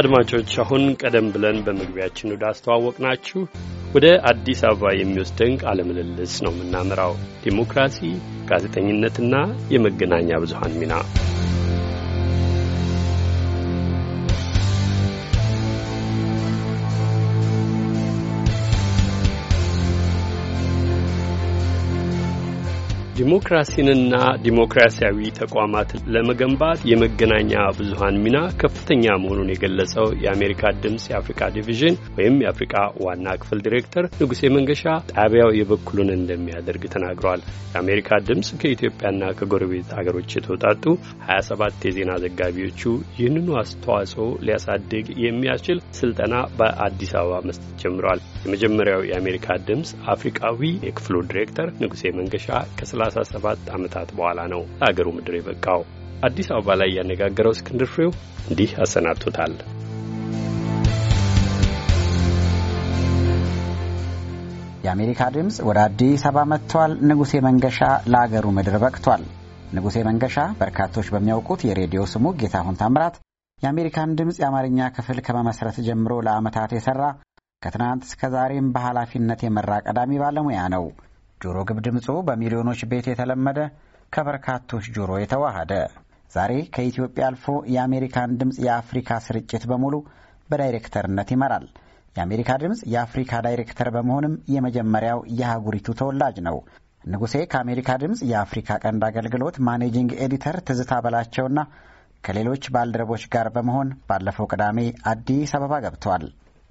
አድማጮች አሁን ቀደም ብለን በመግቢያችን ወደ አስተዋወቅ ናችሁ ወደ አዲስ አበባ የሚወስደን ቃለ ምልልስ ነው የምናመራው። ዲሞክራሲ፣ ጋዜጠኝነትና የመገናኛ ብዙሀን ሚና ዲሞክራሲንና ዲሞክራሲያዊ ተቋማት ለመገንባት የመገናኛ ብዙሀን ሚና ከፍተኛ መሆኑን የገለጸው የአሜሪካ ድምፅ የአፍሪካ ዲቪዥን ወይም የአፍሪካ ዋና ክፍል ዲሬክተር ንጉሴ መንገሻ ጣቢያው የበኩሉን እንደሚያደርግ ተናግረዋል። የአሜሪካ ድምፅ ከኢትዮጵያና ከጎረቤት አገሮች የተውጣጡ 27 የዜና ዘጋቢዎቹ ይህንኑ አስተዋጽኦ ሊያሳድግ የሚያስችል ስልጠና በአዲስ አበባ መስጠት ጀምረዋል። የመጀመሪያው የአሜሪካ ድምፅ አፍሪካዊ የክፍሉ ዲሬክተር ንጉሴ መንገሻ ከስላ ከ37 ዓመታት በኋላ ነው ለአገሩ ምድር የበቃው። አዲስ አበባ ላይ ያነጋገረው እስክንድር ፍሬው እንዲህ አሰናብቶታል። የአሜሪካ ድምፅ ወደ አዲስ አበባ መጥቷል። ንጉሴ መንገሻ ለአገሩ ምድር በቅቷል። ንጉሴ መንገሻ በርካቶች በሚያውቁት የሬዲዮ ስሙ ጌታሁን ታምራት የአሜሪካን ድምፅ የአማርኛ ክፍል ከመመስረት ጀምሮ ለዓመታት የሠራ ከትናንት እስከ ዛሬም በኃላፊነት የመራ ቀዳሚ ባለሙያ ነው። ጆሮ ግብ ድምፁ በሚሊዮኖች ቤት የተለመደ ከበርካቶች ጆሮ የተዋሃደ ዛሬ ከኢትዮጵያ አልፎ የአሜሪካን ድምፅ የአፍሪካ ስርጭት በሙሉ በዳይሬክተርነት ይመራል። የአሜሪካ ድምፅ የአፍሪካ ዳይሬክተር በመሆንም የመጀመሪያው የአህጉሪቱ ተወላጅ ነው። ንጉሴ ከአሜሪካ ድምፅ የአፍሪካ ቀንድ አገልግሎት ማኔጂንግ ኤዲተር ትዝታ በላቸውና ከሌሎች ባልደረቦች ጋር በመሆን ባለፈው ቅዳሜ አዲስ አበባ ገብቷል።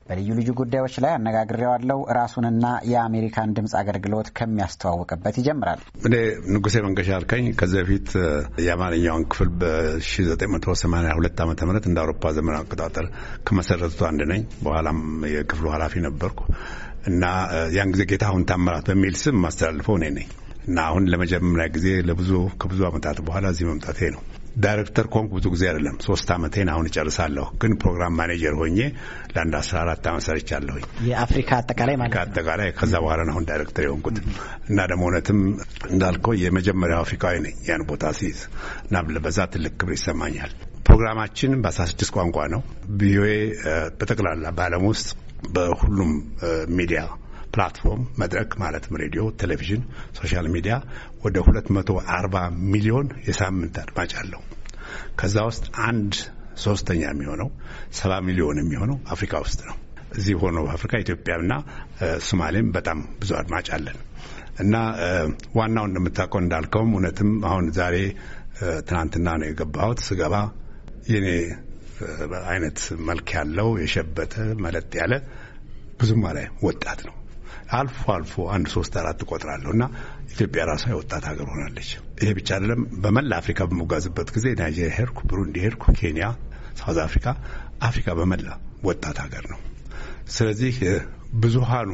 በልዩ ልዩ ጉዳዮች ላይ አነጋግሬዋለሁ። ራሱንና የአሜሪካን ድምፅ አገልግሎት ከሚያስተዋውቅበት ይጀምራል። እኔ ንጉሴ መንገሻ አልከኝ። ከዚህ በፊት የአማርኛውን ክፍል በ1982 ዓ ም እንደ አውሮፓ ዘመን አቆጣጠር ከመሰረቱ አንድ ነኝ። በኋላም የክፍሉ ኃላፊ ነበርኩ እና ያን ጊዜ ጌታሁን ታምራት በሚል ስም ማስተላልፈው እኔ ነኝ እና አሁን ለመጀመሪያ ጊዜ ለብዙ ከብዙ ዓመታት በኋላ እዚህ መምጣቴ ነው። ዳይሬክተር ኮንኩ ብዙ ጊዜ አይደለም፣ ሶስት ዓመቴን አሁን እጨርሳለሁ። ግን ፕሮግራም ማኔጀር ሆኜ ለአንድ አስራ አራት አመት ሰርቻለሁኝ የአፍሪካ አጠቃላይ ማለት ነው አጠቃላይ። ከዛ በኋላ አሁን ዳይሬክተር የሆንኩት እና ደግሞ እውነትም እንዳልከው የመጀመሪያው አፍሪካዊ ነኝ ያን ቦታ ሲይዝ እና በዛ ትልቅ ክብር ይሰማኛል። ፕሮግራማችን በአስራ ስድስት ቋንቋ ነው። ቪኦኤ በጠቅላላ በዓለም ውስጥ በሁሉም ሚዲያ ፕላትፎርም መድረክ ማለትም ሬዲዮ፣ ቴሌቪዥን፣ ሶሻል ሚዲያ ወደ 240 ሚሊዮን የሳምንት አድማጭ አለው። ከዛ ውስጥ አንድ ሶስተኛ የሚሆነው ሰባ ሚሊዮን የሚሆነው አፍሪካ ውስጥ ነው። እዚህ ሆኖ አፍሪካ ኢትዮጵያና ሶማሌም በጣም ብዙ አድማጭ አለን እና ዋናው እንደምታውቀው እንዳልከውም እውነትም አሁን ዛሬ ትናንትና ነው የገባሁት። ስገባ የኔ አይነት መልክ ያለው የሸበተ መለጥ ያለ ብዙም አላይ ወጣት ነው። አልፎ አልፎ አንድ ሶስት አራት እቆጥራለሁ እና ኢትዮጵያ ራሷ የወጣት ሀገር ሆናለች። ይሄ ብቻ አይደለም። በመላ አፍሪካ በመጓዝበት ጊዜ ናይጄሪያ ሄድኩ፣ ብሩንዲ ሄድኩ፣ ኬንያ፣ ሳውዝ አፍሪካ፣ አፍሪካ በመላ ወጣት ሀገር ነው። ስለዚህ ብዙሃኑ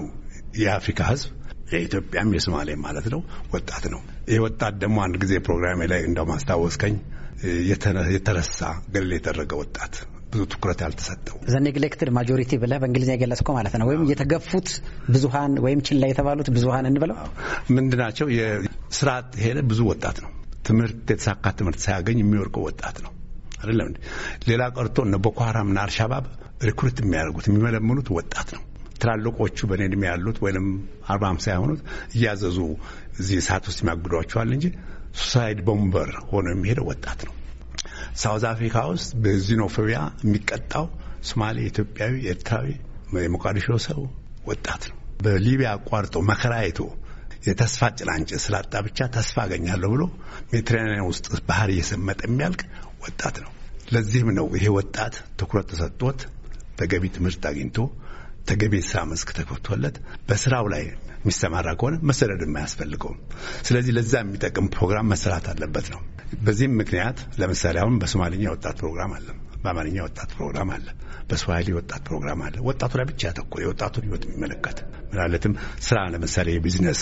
የአፍሪካ ህዝብ የኢትዮጵያም የሶማሌ ማለት ነው ወጣት ነው። ይህ ወጣት ደግሞ አንድ ጊዜ ፕሮግራሜ ላይ እንደማስታወስከኝ የተረሳ ገለል የተደረገ ወጣት ብዙ ትኩረት ያልተሰጠው ኔግሌክትድ ማጆሪቲ ብለህ በእንግሊዝኛ የገለጽከው ማለት ነው። ወይም የተገፉት ብዙሀን ወይም ችላ የተባሉት ብዙሀን እንበለው ምንድናቸው? የስርዓት ሄደ ብዙ ወጣት ነው። ትምህርት የተሳካ ትምህርት ሳያገኝ የሚወርቀው ወጣት ነው አይደለም። ሌላ ቀርቶ እነ ቦኮ ሀራምና አልሻባብ ሪክሩት የሚያደርጉት የሚመለምኑት ወጣት ነው። ትላልቆቹ በእኔ ዕድሜ ያሉት ወይም አርባ አምሳ የሆኑት እያዘዙ እዚህ ሰዓት ውስጥ የሚያግዷቸዋል እንጂ ሱሳይድ ቦምበር ሆኖ የሚሄደው ወጣት ነው። ሳውዝ አፍሪካ ውስጥ በዚኖፎቢያ የሚቀጣው ሶማሌ፣ ኢትዮጵያዊ፣ ኤርትራዊ፣ የሞቃዲሾ ሰው ወጣት ነው። በሊቢያ አቋርጦ መከራ አይቶ የተስፋ ጭላንጭ ስላጣ ብቻ ተስፋ አገኛለሁ ብሎ ሜዲትራኒያን ውስጥ ባህር እየሰመጠ የሚያልቅ ወጣት ነው። ለዚህም ነው ይሄ ወጣት ትኩረት ተሰጥቶት ተገቢ ትምህርት አግኝቶ ተገቢ ስራ መስክ ተከፍቶለት በስራው ላይ የሚሰማራ ከሆነ መሰደድ የማያስፈልገውም። ስለዚህ ለዛ የሚጠቅም ፕሮግራም መሰራት አለበት ነው። በዚህም ምክንያት ለምሳሌ አሁን በሶማሌኛ ወጣት ፕሮግራም አለ። በአማርኛ ወጣት ፕሮግራም አለ፣ በስዋሂሊ ወጣት ፕሮግራም አለ። ወጣቱ ላይ ብቻ ያተኮረ የወጣቱን ህይወት የሚመለከት ምናለትም ስራ፣ ለምሳሌ የቢዝነስ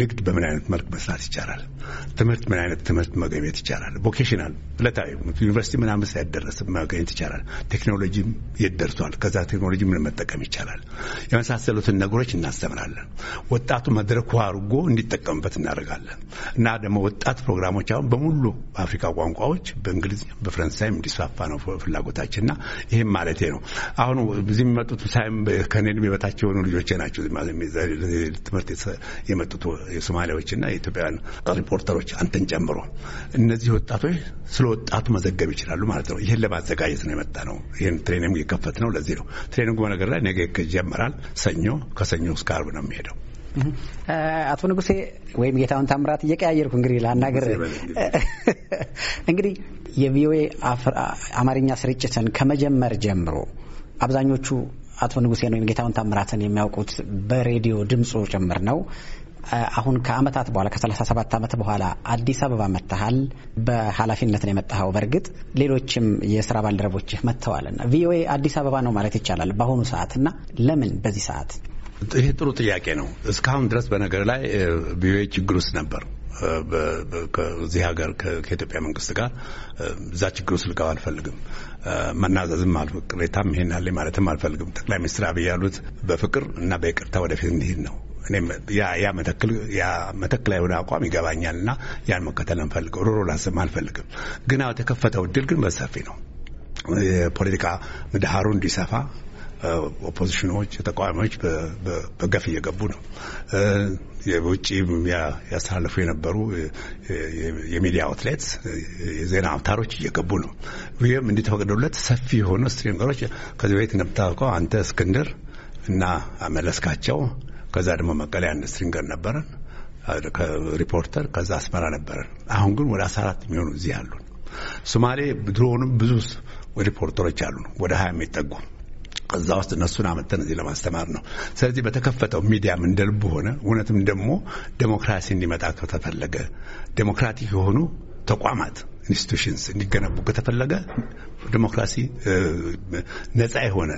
ንግድ በምን አይነት መልክ መስራት ይቻላል፣ ትምህርት ምን አይነት ትምህርት መገኘት ይቻላል፣ ቮኬሽናል ዕለታዊ ዩኒቨርሲቲ ምናምን ሳይደረስ መገኘት ይቻላል፣ ቴክኖሎጂ የት ደርሷል፣ ከዛ ቴክኖሎጂ ምን መጠቀም ይቻላል፣ የመሳሰሉትን ነገሮች እናስተምራለን። ወጣቱ መድረኩ አድርጎ እንዲጠቀምበት እናደርጋለን እና ደግሞ ወጣት ፕሮግራሞች አሁን በሙሉ በአፍሪካ ቋንቋዎች በእንግሊዝኛ በፈረንሳይም እንዲስፋፋ ነው ፍላጎታችን ና ይህም ማለቴ ነው። አሁን እዚህ የሚመጡት ሳይም ከኔ እድሜ በታች የሆኑ ልጆቼ ናቸው። ትምህርት የመጡት የሶማሊያዎች ና የኢትዮጵያውያን ሪፖርተሮች አንተን ጨምሮ እነዚህ ወጣቶች ስለ ወጣቱ መዘገብ ይችላሉ ማለት ነው። ይህን ለማዘጋጀት ነው የመጣ ነው። ይህን ትሬኒንግ የከፈት ነው። ለዚህ ነው ትሬኒንግ በነገር ላይ ነገ ይጀመራል። ሰኞ ከሰኞ እስከ አርብ ነው የሚሄደው። አቶ ንጉሴ ወይም ጌታውን ታምራት እየቀያየርኩ እንግዲህ ላናገር። እንግዲህ የቪኦኤ አማርኛ ስርጭትን ከመጀመር ጀምሮ አብዛኞቹ አቶ ንጉሴን ወይም ጌታውን ታምራትን የሚያውቁት በሬዲዮ ድምፁ ጭምር ነው። አሁን ከአመታት በኋላ ከ37 ዓመት በኋላ አዲስ አበባ መጥተሃል። በኃላፊነት ነው የመጣኸው። በእርግጥ ሌሎችም የስራ ባልደረቦችህ መጥተዋልና ቪኦኤ አዲስ አበባ ነው ማለት ይቻላል በአሁኑ ሰዓት እና ለምን በዚህ ሰዓት ይሄ ጥሩ ጥያቄ ነው። እስካሁን ድረስ በነገር ላይ ቪኦኤ ችግር ውስጥ ነበር። ከዚህ ሀገር ከኢትዮጵያ መንግስት ጋር እዛ ችግር ውስጥ ልቀው አልፈልግም። መናዘዝም አል ቅሬታም ይሄን ያለ ማለትም አልፈልግም። ጠቅላይ ሚኒስትር አብይ ያሉት በፍቅር እና በይቅርታ ወደፊት እንዲሄድ ነው። እኔም ያ መተክል የሆነ አቋም ይገባኛል እና ያን መከተል እንፈልገው ሮሮ ላስብ አልፈልግም። ግን የተከፈተው እድል ግን በሰፊ ነው። የፖለቲካ ምህዳሩ እንዲሰፋ ኦፖዚሽኖች፣ ተቃዋሚዎች በገፍ እየገቡ ነው። የውጭ ያስተላለፉ የነበሩ የሚዲያ አውትሌት የዜና አውታሮች እየገቡ ነው። ይህም እንዲተፈቅዶለት ሰፊ የሆኑ ስትሪንገሮች ከዚህ በፊት እንደምታውቀው አንተ እስክንድር እና መለስካቸው፣ ከዛ ደግሞ መቀሌ አንድ ስትሪንገር ነበረን ሪፖርተር፣ ከዛ አስመራ ነበረን። አሁን ግን ወደ አስራ አራት የሚሆኑ እዚህ አሉ። ሶማሌ ድሮውንም ብዙ ሪፖርተሮች አሉ ወደ ሀያ የሚጠጉ እዛ ውስጥ እነሱን አመተን እዚህ ለማስተማር ነው። ስለዚህ በተከፈተው ሚዲያም እንደ ሆነ። እውነትም ደግሞ ዴሞክራሲ እንዲመጣ ከተፈለገ ዴሞክራቲክ የሆኑ ተቋማት ኢንስቲቱሽንስ እንዲገነቡ ከተፈለገ ዴሞክራሲ ነጻ የሆነ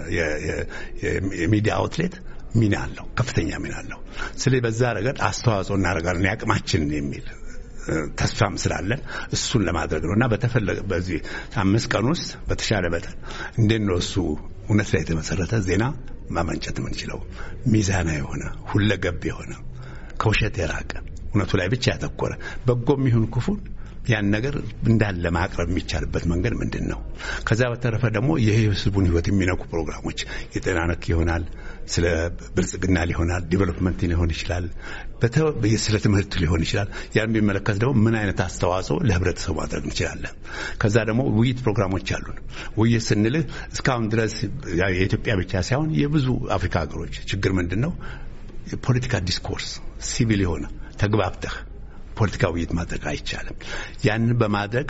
የሚዲያ አውትሌት ሚና አለው፣ ከፍተኛ ሚና አለው። ስለዚህ በዛ ረገድ አስተዋጽኦ እናደርጋለን ያቅማችን የሚል ተስፋም ስላለን እሱን ለማድረግ ነው እና በተፈለገ በዚህ አምስት ቀን ውስጥ በተሻለ መጠን እንደነሱ እውነት ላይ የተመሰረተ ዜና ማመንጨት የምንችለው ሚዛና የሆነ ሁለገብ የሆነ ከውሸት የራቀ እውነቱ ላይ ብቻ ያተኮረ በጎም የሚሆን ክፉን ያን ነገር እንዳለ ማቅረብ የሚቻልበት መንገድ ምንድን ነው? ከዛ በተረፈ ደግሞ የህዝቡን ህይወት የሚነኩ ፕሮግራሞች የጤና ነክ ይሆናል፣ ስለ ብልጽግና ሊሆናል፣ ዲቨሎፕመንት ሊሆን ይችላል፣ ስለ ትምህርት ሊሆን ይችላል። ያን የሚመለከት ደግሞ ምን አይነት አስተዋጽኦ ለህብረተሰቡ ማድረግ እንችላለን? ከዛ ደግሞ ውይይት ፕሮግራሞች አሉን። ውይይት ስንልህ እስካሁን ድረስ የኢትዮጵያ ብቻ ሳይሆን የብዙ አፍሪካ ሀገሮች ችግር ምንድን ነው? የፖለቲካ ዲስኮርስ ሲቪል የሆነ ተግባብተህ ፖለቲካ ውይይት ማድረግ አይቻልም። ያንን በማድረግ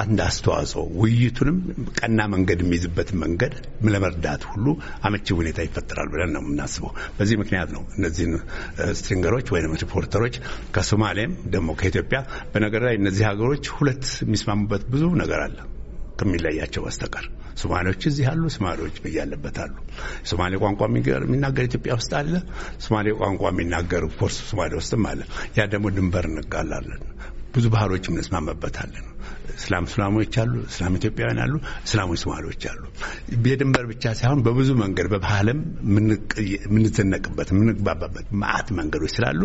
አንድ አስተዋጽኦ ውይይቱንም ቀና መንገድ የሚይዝበት መንገድ ለመርዳት ሁሉ አመቺ ሁኔታ ይፈጠራል ብለን ነው የምናስበው። በዚህ ምክንያት ነው እነዚህን ስትሪንገሮች ወይም ሪፖርተሮች ከሶማሌም ደግሞ ከኢትዮጵያ በነገር ላይ እነዚህ ሀገሮች ሁለት የሚስማሙበት ብዙ ነገር አለ። ከሚለያቸው በስተቀር ሶማሌዎች እዚህ አሉ፣ ሶማሌዎች በያለበት አሉ። ሶማሌ ቋንቋ የሚናገር ኢትዮጵያ ውስጥ አለ፣ ሶማሌ ቋንቋ የሚናገር ፖርስ ሶማሌ ውስጥም አለ። ያ ደግሞ ድንበር እንጋላለን። ብዙ ባህሎች እንስማመበታለን። እስላም እስላሞች አሉ፣ እስላም ኢትዮጵያውያን አሉ፣ እስላሞች ሶማሌዎች አሉ። የድንበር ብቻ ሳይሆን በብዙ መንገድ በባህልም የምንዘነቅበት የምንግባባበት ማአት መንገዶች ስላሉ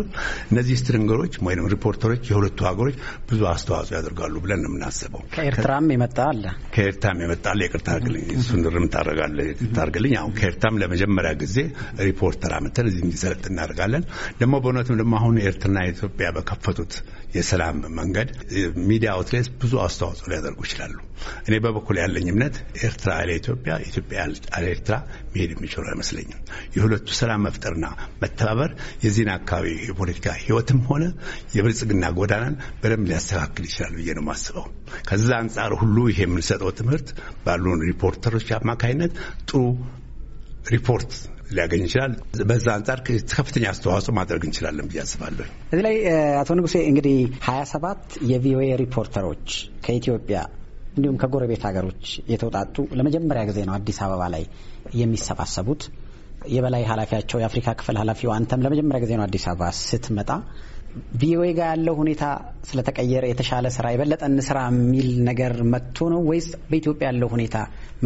እነዚህ ስትሪንገሮች ወይም ሪፖርተሮች የሁለቱ ሀገሮች ብዙ አስተዋጽኦ ያደርጋሉ ብለን ነው የምናስበው። ከኤርትራም የመጣ አለ ከኤርትራም የመጣ አለ። ይቅርታ አድርግልኝ፣ እሱን ርም ታደርጋለህ። አሁን ከኤርትራም ለመጀመሪያ ጊዜ ሪፖርተር አምጥተን እዚህ እንዲሰለጥ እናደርጋለን። ደግሞ በእውነትም ደግሞ አሁን ኤርትራና ኢትዮጵያ በከፈቱት የሰላም መንገድ ሚዲያ አውትሌት ብዙ አስተዋጽኦ ሊያደርጉ ይችላሉ። እኔ በበኩል ያለኝ እምነት ኤርትራ ያለ ኢትዮጵያ፣ ኢትዮጵያ ያለ ኤርትራ መሄድ የሚችሉ አይመስለኝም። የሁለቱ ሰላም መፍጠርና መተባበር የዚህን አካባቢ የፖለቲካ ህይወትም ሆነ የብልጽግና ጎዳናን በደንብ ሊያስተካክል ይችላል ብዬ ነው የማስበው። ከዛ አንጻር ሁሉ ይሄ የምንሰጠው ትምህርት ባሉን ሪፖርተሮች አማካይነት ጥሩ ሪፖርት ሊያገኝ ይችላል። በዛ አንጻር ከፍተኛ አስተዋጽኦ ማድረግ እንችላለን ብዬ አስባለሁ። እዚህ ላይ አቶ ንጉሴ እንግዲህ ሀያ ሰባት የቪኦኤ ሪፖርተሮች ከኢትዮጵያ እንዲሁም ከጎረቤት ሀገሮች የተውጣጡ ለመጀመሪያ ጊዜ ነው አዲስ አበባ ላይ የሚሰባሰቡት። የበላይ ኃላፊያቸው የአፍሪካ ክፍል ኃላፊው አንተም ለመጀመሪያ ጊዜ ነው አዲስ አበባ ስትመጣ ቪኦኤ ጋር ያለው ሁኔታ ስለተቀየረ የተሻለ ስራ የበለጠን ስራ የሚል ነገር መጥቶ ነው ወይስ በኢትዮጵያ ያለው ሁኔታ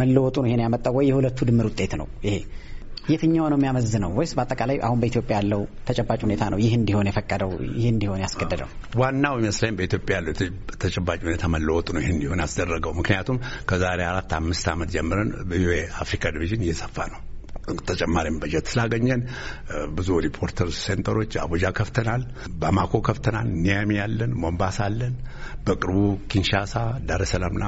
መለወጡ ነው ይሄን ያመጣው? ወይ የሁለቱ ድምር ውጤት ነው ይሄ? የትኛው ነው የሚያመዝነው ወይስ በአጠቃላይ አሁን በኢትዮጵያ ያለው ተጨባጭ ሁኔታ ነው ይህ እንዲሆን የፈቀደው ይህ እንዲሆን ያስገደደው? ዋናው ይመስለኝ በኢትዮጵያ ያለው ተጨባጭ ሁኔታ መለወጡ ነው ይህ እንዲሆን ያስደረገው። ምክንያቱም ከዛሬ አራት አምስት ዓመት ጀምረን አፍሪካ ዲቪዥን እየሰፋ ነው ተጨማሪም በጀት ስላገኘን ብዙ ሪፖርተር ሴንተሮች አቡጃ ከፍተናል፣ ባማኮ ከፍተናል፣ ኒያሚ አለን፣ ሞምባሳ አለን፣ በቅርቡ ኪንሻሳ፣ ዳረሰላምና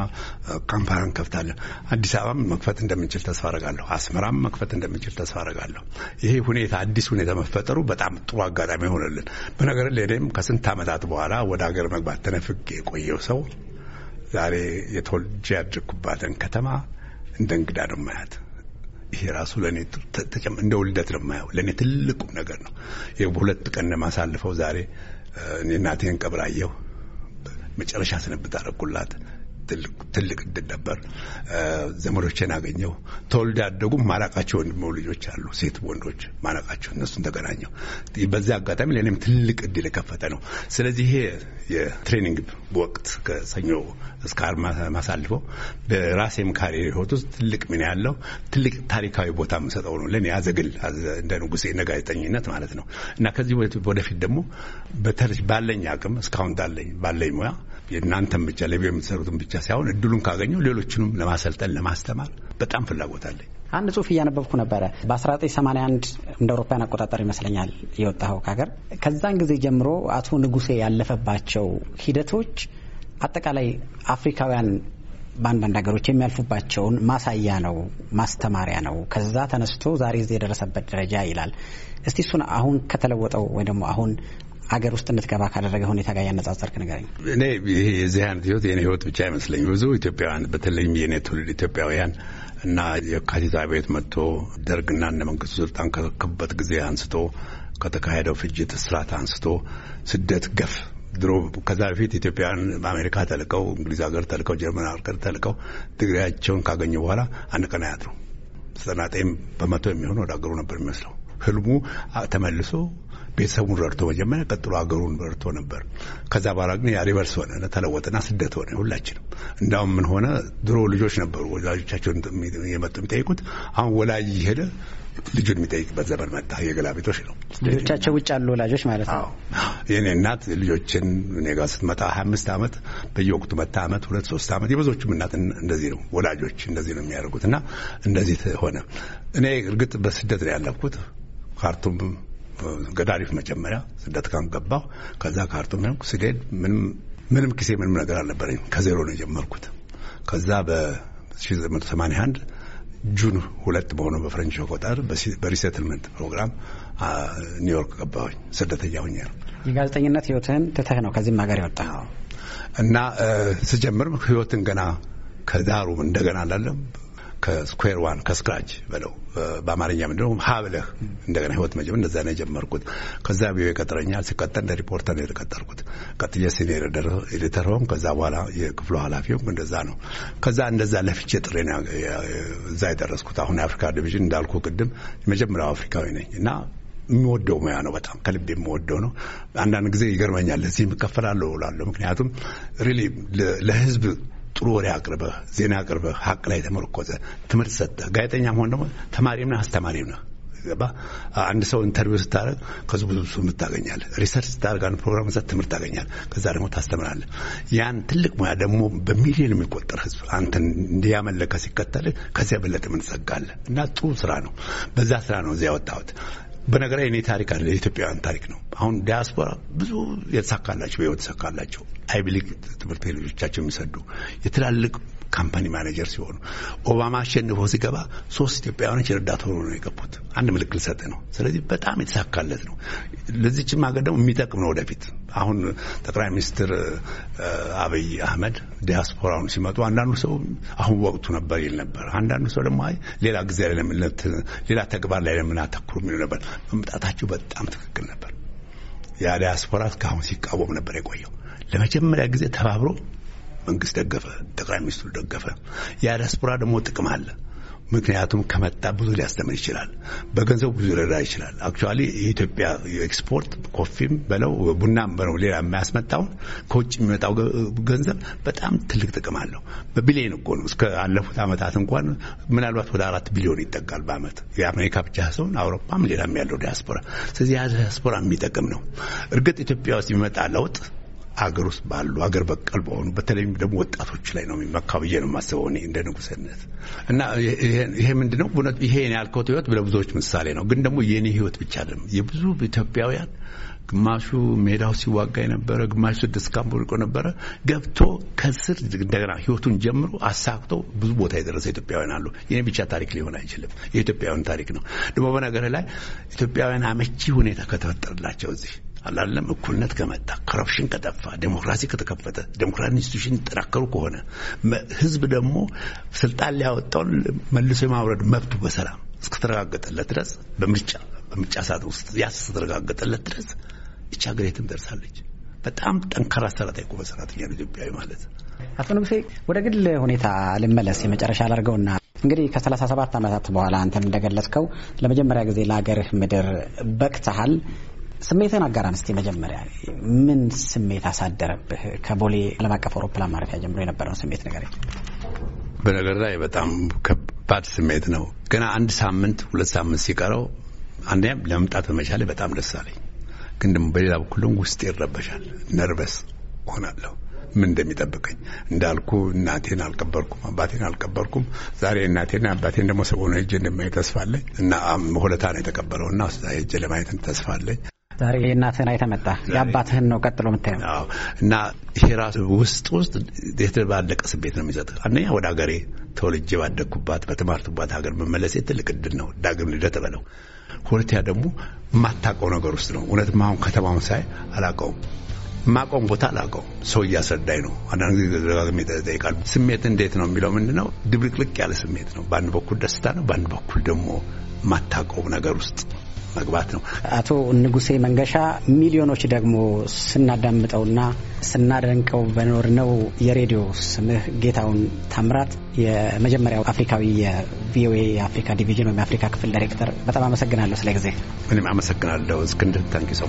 ካምፓላን ከፍታለን። አዲስ አበባም መክፈት እንደምንችል ተስፋ አረጋለሁ። አስመራም መክፈት እንደምንችል ተስፋ አረጋለሁ። ይሄ ሁኔታ አዲስ ሁኔታ መፈጠሩ በጣም ጥሩ አጋጣሚ ሆነልን። በነገር ለእኔም ከስንት ዓመታት በኋላ ወደ ሀገር መግባት ተነፍግ የቆየው ሰው ዛሬ የተወልጄ ያደግኩባትን ከተማ እንደ እንግዳ ነው ማያት። ይሄ ራሱ ለእኔ እንደ ውልደት ነው የማየው። ለእኔ ትልቅ ነገር ነው። በሁለት ቀን እንደማሳልፈው ዛሬ እናቴን ቀብር አየሁ። መጨረሻ ስንብት አደረኩላት። ትልቅ እድል ነበር። ዘመዶቼን አገኘው። ተወልደ ያደጉ ማላቃቸው ወንድሞ ልጆች አሉ፣ ሴት ወንዶች ማላቃቸው፣ እነሱን ተገናኘው። በዚህ አጋጣሚ ለእኔም ትልቅ እድል የከፈተ ነው። ስለዚህ ይሄ የትሬኒንግ ወቅት ከሰኞ እስከ ዓርብ ማሳልፈው በራሴም ካሪየር ህይወት ውስጥ ትልቅ ምን ያለው ትልቅ ታሪካዊ ቦታ የምሰጠው ነው ለእኔ አዘግል እንደ ንጉሴ እንደ ጋዜጠኝነት ማለት ነው እና ከዚህ ወደፊት ደግሞ ባለኝ አቅም እስካሁን ባለኝ ሙያ የእናንተን ብቻ ለቢ የምትሰሩትን ብቻ ሳይሆን እድሉን ካገኘው ሌሎችንም ለማሰልጠን ለማስተማር በጣም ፍላጎት አለኝ። አንድ ጽሁፍ እያነበብኩ ነበረ በ1981 እንደ አውሮፓውያን አቆጣጠር ይመስለኛል የወጣኸው ከሀገር ከዛን ጊዜ ጀምሮ አቶ ንጉሴ ያለፈባቸው ሂደቶች አጠቃላይ አፍሪካውያን በአንዳንድ ሀገሮች የሚያልፉባቸውን ማሳያ ነው፣ ማስተማሪያ ነው። ከዛ ተነስቶ ዛሬ እዚህ የደረሰበት ደረጃ ይላል። እስቲ እሱን አሁን ከተለወጠው ወይ ደግሞ አሁን አገር ውስጥ እንድትገባ ካደረገ ሁኔታ ጋር ያነጻጸርክ ንገረኝ። እኔ ይሄ የዚህ አይነት ህይወት የኔ ህይወት ብቻ አይመስለኝ። ብዙ ኢትዮጵያውያን በተለይም የኔ ትውልድ ኢትዮጵያውያን እና የካቲት አብዮት መጥቶ ደርግና እነ መንግስቱ ስልጣን ከረከቡበት ጊዜ አንስቶ ከተካሄደው ፍጅት፣ እስራት አንስቶ ስደት፣ ገፍ ድሮ ከዛ በፊት ኢትዮጵያውያን በአሜሪካ ተልቀው እንግሊዝ ሀገር ተልቀው ጀርመን ሀገር ተልቀው ትግራያቸውን ካገኙ በኋላ አንድ ቀን አያድሩ ዘጠና ዘጠኝ በመቶ የሚሆን ወደ ሀገሩ ነበር የሚመስለው። ህልሙ ተመልሶ ቤተሰቡን ረድቶ መጀመሪያ፣ ቀጥሎ ሀገሩን ረድቶ ነበር። ከዛ በኋላ ግን ያ ሪቨርስ ሆነ፣ ተለወጠና ስደት ሆነ ሁላችንም። እንዳውም ምን ሆነ፣ ድሮ ልጆች ነበሩ ወላጆቻቸውን የመጡ የሚጠይቁት፣ አሁን ወላጅ እየሄደ ልጁን የሚጠይቅበት ዘመን መጣ። የገላ ቤቶች ነው ልጆቻቸው ውጭ ያሉ ወላጆች ማለት ነው። የኔ እናት ልጆችን እኔ ጋር ስትመጣ ሀያ አምስት ዓመት በየወቅቱ መታ አመት ሁለት ሶስት አመት የብዙዎቹም እናት እንደዚህ ነው። ወላጆች እንደዚህ ነው የሚያደርጉት እና እንደዚህ ሆነ። እኔ እርግጥ በስደት ነው ያለፍኩት ካርቱም ገዳሪፍ መጀመሪያ ስደት ካምፕ ገባሁ። ከዛ ካርቱም ነው ስሄድ ምንም ምንም ጊዜ ምንም ነገር አልነበረኝ። ከዜሮ ነው የጀመርኩት። ከዛ በ1981 ጁን ሁለት በሆነው በፍረንች ቆጣር በሪሴትልመንት ፕሮግራም ኒውዮርክ ገባሁኝ። ስደተኛ ሁኜ ነው የጋዜጠኝነት ህይወትህን ትተህ ነው ከዚህም ሀገር የወጣ እና ስጀምርም ህይወትን ገና ከዳሩ እንደገና አላለም ከስኩዌር ዋን ከስክራች በለው በአማርኛ ምንድን ሀ ብለህ እንደገና ህይወት መጀመር እንደዛ ነው የጀመርኩት። ከዛ ቢሆ ይቀጥረኛል ሲቀጠል እንደ ሪፖርተር ነው የተቀጠርኩት። ቀጥዬ ሲኒየር ኤዲተር ሆንኩ። ከዛ በኋላ የክፍሉ ኃላፊ ሆንኩ። እንደዛ ነው። ከዛ እንደዛ ለፍቼ ጥሬ እዛ የደረስኩት። አሁን የአፍሪካ ዲቪዥን እንዳልኩ ቅድም የመጀመሪያው አፍሪካዊ ነኝ እና የሚወደው ሙያ ነው። በጣም ከልብ የሚወደው ነው። አንዳንድ ጊዜ ይገርመኛል። እዚህ እከፈላለሁ እላለሁ። ምክንያቱም ሪሊ ለህዝብ ጥሩ ወሬ አቅርበህ ዜና አቅርበህ ሀቅ ላይ ተመርኮዘ ትምህርት ሰጠህ። ጋዜጠኛ መሆን ደግሞ ተማሪም ነህ አስተማሪም ነህ። አንድ ሰው ኢንተርቪው ስታደርግ ከዚ ብዙ ብዙ የምታገኛል። ሪሰርች ስታደርግ አንድ ፕሮግራም ሰት ትምህርት ታገኛል። ከዛ ደግሞ ታስተምራለ ያን ትልቅ ሙያ ደግሞ በሚሊዮን የሚቆጠር ህዝብ አንተን እንዲያመለከ ሲከተልህ ከዚያ በለጥ ምን ጸጋ እና ጥሩ ስራ ነው። በዛ ስራ ነው እዚያ ወጣሁት በነገራ የኔ ታሪክ አለ የኢትዮጵያውያን ታሪክ ነው። አሁን ዲያስፖራ ብዙ የተሳካላቸው በህይወት የተሳካላቸው አይብሊግ ትምህርት ቤት ልጆቻቸው የሚሰዱ የትላልቅ ካምፓኒ ማኔጀር ሲሆኑ ኦባማ አሸንፎ ሲገባ ሶስት ኢትዮጵያውያኖች ረዳት ሆኖ ነው የገቡት። አንድ ምልክት ልሰጥ ነው። ስለዚህ በጣም የተሳካለት ነው። ለዚችም ሀገር ደግሞ የሚጠቅም ነው ወደፊት። አሁን ጠቅላይ ሚኒስትር አብይ አህመድ ዲያስፖራውን ሲመጡ አንዳንዱ ሰው አሁን ወቅቱ ነበር ይል ነበር። አንዳንዱ ሰው ደግሞ አይ ሌላ ጊዜ ለምነት ሌላ ተግባር ላይ ለምን አተኩሩ የሚሉ ነበር። መምጣታቸው በጣም ትክክል ነበር። ያ ዲያስፖራ እስካሁን ሲቃወም ነበር የቆየው። ለመጀመሪያ ጊዜ ተባብሮ መንግስት ደገፈ፣ ጠቅላይ ሚኒስትሩ ደገፈ። ያ ዲያስፖራ ደግሞ ጥቅም አለ። ምክንያቱም ከመጣ ብዙ ሊያስተምር ይችላል። በገንዘቡ ብዙ ሊረዳ ይችላል። አክቹዋሊ የኢትዮጵያ ኤክስፖርት ኮፊም በለው ቡናም በለው ሌላ የሚያስመጣውን ከውጭ የሚመጣው ገንዘብ በጣም ትልቅ ጥቅም አለው። በቢሊዮን እኮ ነው። እስከ አለፉት እንኳን ምናልባት ወደ አራት ቢሊዮን ይጠጋል በአመት የአሜሪካ ብቻ ሰውን አውሮፓም ሌላም ያለው ዲያስፖራ። ስለዚህ ያ ዲያስፖራ የሚጠቅም ነው። እርግጥ ኢትዮጵያ ውስጥ የሚመጣ ለውጥ አገር ውስጥ ባሉ አገር በቀል በሆኑ በተለይም ደግሞ ወጣቶች ላይ ነው የሚመካው ብዬ ነው የማስበው እኔ እንደ ንጉሰነት እና ይሄ ምንድነው ነው ይሄ ያልከው ህይወት ለብዙዎች ምሳሌ ነው። ግን ደግሞ የኔ ህይወት ብቻ አይደለም። የብዙ ኢትዮጵያውያን ግማሹ ሜዳው ሲዋጋ የነበረ ግማሹ ስድስት ካምፕ ወድቆ ነበረ ገብቶ ከስር እንደገና ህይወቱን ጀምሮ አሳክቶ ብዙ ቦታ የደረሰ ኢትዮጵያውያን አሉ። የኔ ብቻ ታሪክ ሊሆን አይችልም። የኢትዮጵያውያን ታሪክ ነው። ደግሞ በነገር ላይ ኢትዮጵያውያን አመቺ ሁኔታ ከተፈጠርላቸው እዚህ አላለም እኩልነት ከመጣ ኮረፕሽን ከጠፋ ዴሞክራሲ ከተከፈተ ዴሞክራሲ ኢንስቲቱሽን ይጠናከሩ ከሆነ ህዝብ ደግሞ ስልጣን ላይ መልሶ የማውረድ መብቱ በሰላም እስከተረጋገጠለት ድረስ በምርጫ በምርጫ ሰዓት ውስጥ ያስ እስከተረጋገጠለት ድረስ ይቺ ሀገር የትም ደርሳለች። በጣም ጠንካራ ሰራተኛ እኮ በሰራተኛ ኢትዮጵያዊ ማለት አቶ ንጉሴ ወደ ግል ሁኔታ ልመለስ የመጨረሻ አላርገውና እንግዲህ ከሰላሳ ሰባት ዓመታት በኋላ አንተ እንደገለጽከው ለመጀመሪያ ጊዜ ለሀገርህ ምድር በቅተሃል። ስሜትን አጋራን እስቲ። መጀመሪያ ምን ስሜት አሳደረብህ? ከቦሌ ዓለም አቀፍ አውሮፕላን ማረፊያ ጀምሮ የነበረውን ስሜት ነገር። በነገር ላይ በጣም ከባድ ስሜት ነው። ገና አንድ ሳምንት ሁለት ሳምንት ሲቀረው አንደኛም ለመምጣት በመቻሌ በጣም ደስ አለኝ። ግን ደግሞ በሌላ በኩል ውስጥ ይረበሻል። ነርቨስ ሆናለሁ ምን እንደሚጠብቀኝ እንዳልኩ እናቴን አልቀበርኩም፣ አባቴን አልቀበርኩም። ዛሬ እናቴን አባቴን ደግሞ ሰሞኑን ሄጄ እንደማየት ተስፋ እና ሁለታ ነው እና ሄጄ ለማየት ተስፋለኝ ዛሬ የእናትህን አይተመጣ የአባትህን ነው ቀጥሎ የምታየው። እና ይሄ ራሱ ውስጥ ውስጥ የተደባለቀ ስሜት ነው የሚሰጥ። አንደኛ ወደ ሀገሬ ተወልጄ ባደግኩባት በተማርኩባት ሀገር መመለሴ ትልቅ እድል ነው፣ ዳግም ልደት በለው። ሁለተኛ ደግሞ የማታውቀው ነገር ውስጥ ነው። እውነትም አሁን ከተማውን ሳይ አላውቀውም፣ የማውቀውን ቦታ አላውቀውም። ሰው እያስረዳኝ ነው። አንዳንድ ጊዜ ደጋግሜ ጠይቃል። ስሜት እንዴት ነው የሚለው ምንድን ነው? ድብልቅልቅ ያለ ስሜት ነው። በአንድ በኩል ደስታ ነው፣ በአንድ በኩል ደግሞ የማታውቀው ነገር ውስጥ መግባት ነው። አቶ ንጉሴ መንገሻ ሚሊዮኖች ደግሞ ስናዳምጠውና ስናደንቀው በኖር ነው የሬዲዮ ስምህ ጌታውን ታምራት የመጀመሪያው አፍሪካዊ የቪኦኤ የአፍሪካ ዲቪዥን ወይም የአፍሪካ ክፍል ዳይሬክተር፣ በጣም አመሰግናለሁ ስለ ጊዜ። እኔም አመሰግናለሁ እስክንድር ታንኪ ሶ